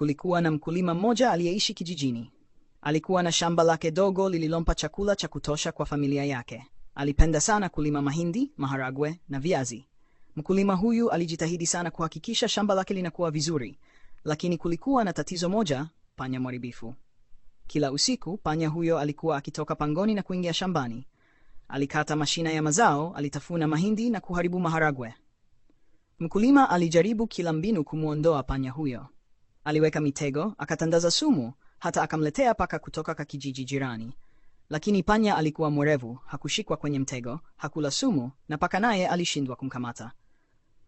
Kulikuwa na mkulima mmoja aliyeishi kijijini. Alikuwa na shamba lake dogo lililompa chakula cha kutosha kwa familia yake. Alipenda sana kulima mahindi, maharagwe na viazi. Mkulima huyu alijitahidi sana kuhakikisha shamba lake linakuwa vizuri, lakini kulikuwa na tatizo moja: panya mwaribifu. Kila usiku panya huyo alikuwa akitoka pangoni na kuingia shambani. Alikata mashina ya mazao, alitafuna mahindi na kuharibu maharagwe. Mkulima alijaribu kila mbinu kumwondoa panya huyo. Aliweka mitego, akatandaza sumu, hata akamletea paka kutoka ka kijiji jirani. Lakini panya alikuwa mwerevu, hakushikwa kwenye mtego, hakula sumu, na paka naye alishindwa kumkamata.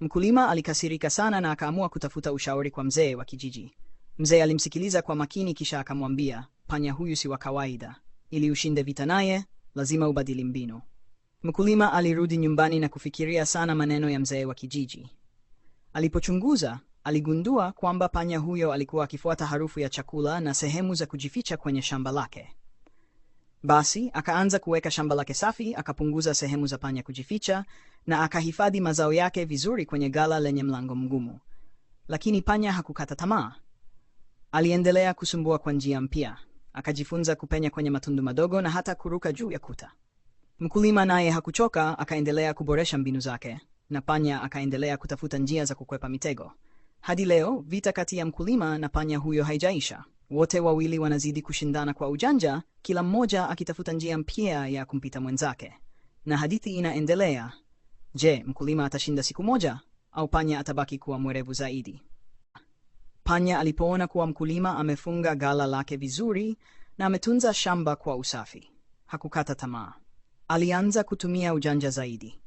Mkulima alikasirika sana na akaamua kutafuta ushauri kwa mzee wa kijiji. Mzee alimsikiliza kwa makini, kisha akamwambia, panya huyu si wa kawaida, ili ushinde vita naye lazima ubadili mbinu. Mkulima alirudi nyumbani na kufikiria sana maneno ya mzee wa kijiji. Alipochunguza Aligundua kwamba panya huyo alikuwa akifuata harufu ya chakula na sehemu za kujificha kwenye shamba lake. Basi akaanza kuweka shamba lake safi, akapunguza sehemu za panya kujificha, na akahifadhi mazao yake vizuri kwenye ghala lenye mlango mgumu. Lakini panya hakukata tamaa. Aliendelea kusumbua kwa njia mpya, akajifunza kupenya kwenye matundu madogo na hata kuruka juu ya kuta. Mkulima naye hakuchoka, akaendelea kuboresha mbinu zake, na panya akaendelea kutafuta njia za kukwepa mitego. Hadi leo vita kati ya mkulima na panya huyo haijaisha. Wote wawili wanazidi kushindana kwa ujanja, kila mmoja akitafuta njia mpya ya kumpita mwenzake, na hadithi inaendelea. Je, mkulima atashinda siku moja au panya atabaki kuwa mwerevu zaidi? Panya alipoona kuwa mkulima amefunga gala lake vizuri na ametunza shamba kwa usafi, hakukata tamaa. Alianza kutumia ujanja zaidi.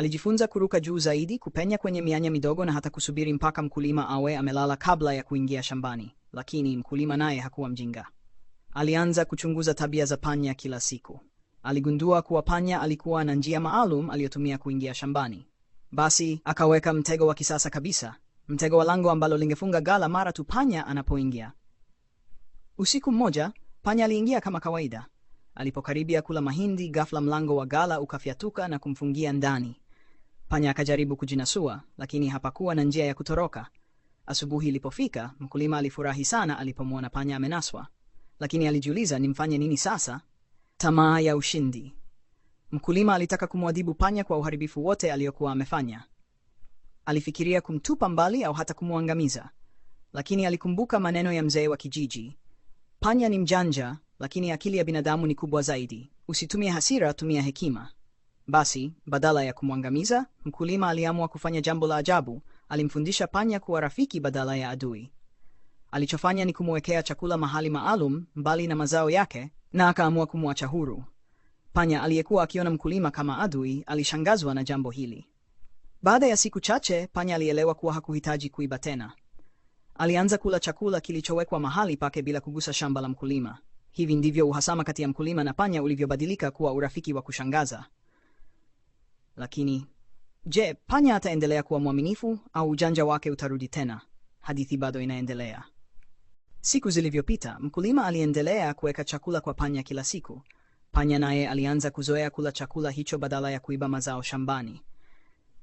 Alijifunza kuruka juu zaidi, kupenya kwenye mianya midogo na hata kusubiri mpaka mkulima awe amelala kabla ya kuingia shambani. Lakini mkulima naye hakuwa mjinga. Alianza kuchunguza tabia za panya kila siku. Aligundua kuwa panya alikuwa na njia maalum aliyotumia kuingia shambani. Basi akaweka mtego wa kisasa kabisa, mtego wa lango ambalo lingefunga gala mara tu panya anapoingia. Usiku mmoja panya aliingia kama kawaida. Alipokaribia kula mahindi, ghafla mlango wa gala ukafyatuka na kumfungia ndani. Panya akajaribu kujinasua, lakini hapakuwa na njia ya kutoroka. Asubuhi ilipofika, mkulima alifurahi sana alipomwona panya amenaswa, lakini alijiuliza nimfanye nini sasa? Tamaa ya ushindi. Mkulima alitaka kumwadhibu panya kwa uharibifu wote aliyokuwa amefanya. Alifikiria kumtupa mbali au hata kumwangamiza, lakini alikumbuka maneno ya mzee wa kijiji: panya ni mjanja, lakini akili ya binadamu ni kubwa zaidi. Usitumie hasira, tumia hekima. Basi, badala ya kumwangamiza, mkulima aliamua kufanya jambo la ajabu. Alimfundisha panya kuwa rafiki badala ya adui. Alichofanya ni kumwekea chakula mahali maalum mbali na mazao yake, na akaamua kumwacha huru. Panya aliyekuwa akiona mkulima kama adui alishangazwa na jambo hili. Baada ya siku chache, panya alielewa kuwa hakuhitaji kuiba tena. Alianza kula chakula kilichowekwa mahali pake bila kugusa shamba la mkulima. Hivi ndivyo uhasama kati ya mkulima na panya ulivyobadilika kuwa urafiki wa kushangaza. Lakini je, panya ataendelea kuwa mwaminifu au ujanja wake utarudi tena? Hadithi bado inaendelea. Siku zilivyopita, mkulima aliendelea kuweka chakula kwa panya kila siku. Panya naye alianza kuzoea kula chakula hicho badala ya kuiba mazao shambani.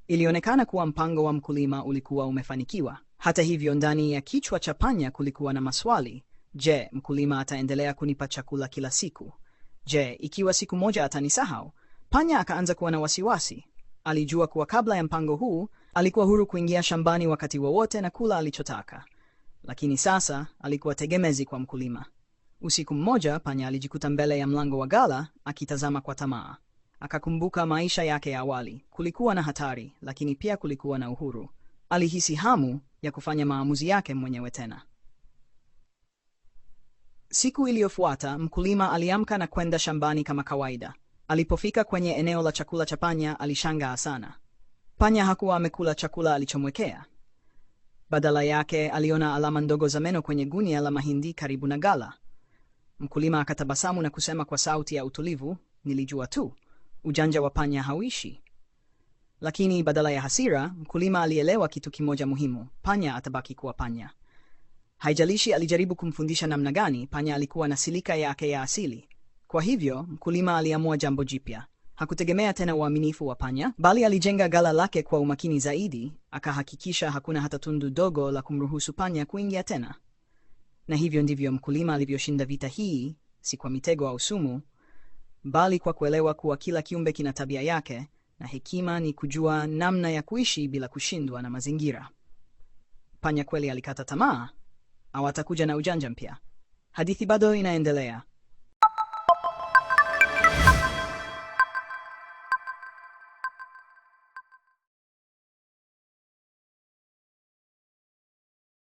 Ilionekana kuwa mpango wa mkulima ulikuwa umefanikiwa. Hata hivyo, ndani ya kichwa cha panya kulikuwa na maswali. Je, mkulima ataendelea kunipa chakula kila siku? Je, ikiwa siku moja atanisahau? Panya akaanza kuwa na wasiwasi. Alijua kuwa kabla ya mpango huu alikuwa huru kuingia shambani wakati wowote na kula alichotaka, lakini sasa alikuwa tegemezi kwa mkulima. Usiku mmoja, panya alijikuta mbele ya mlango wa ghala akitazama kwa tamaa. Akakumbuka maisha yake ya awali. Kulikuwa na hatari, lakini pia kulikuwa na uhuru. Alihisi hamu ya kufanya maamuzi yake mwenyewe tena. Siku iliyofuata mkulima aliamka na kwenda shambani kama kawaida. Alipofika kwenye eneo la chakula cha panya, alishangaa sana. Panya hakuwa amekula chakula alichomwekea. Badala yake, aliona alama ndogo za meno kwenye gunia la mahindi karibu na gala. Mkulima akatabasamu na kusema kwa sauti ya utulivu, nilijua tu, ujanja wa panya hauishi. Lakini badala ya hasira, mkulima alielewa kitu kimoja muhimu: panya atabaki kuwa panya. Haijalishi alijaribu kumfundisha namna gani, panya alikuwa na silika yake ya asili. Kwa hivyo mkulima aliamua jambo jipya. Hakutegemea tena uaminifu wa panya, bali alijenga gala lake kwa umakini zaidi, akahakikisha hakuna hata tundu dogo la kumruhusu panya kuingia tena. Na hivyo ndivyo mkulima alivyoshinda vita hii, si kwa mitego au sumu, bali kwa kuelewa kuwa kila kiumbe kina tabia yake, na hekima ni kujua namna ya kuishi bila kushindwa na mazingira. Panya kweli alikata tamaa, au atakuja na ujanja mpya? Hadithi bado inaendelea.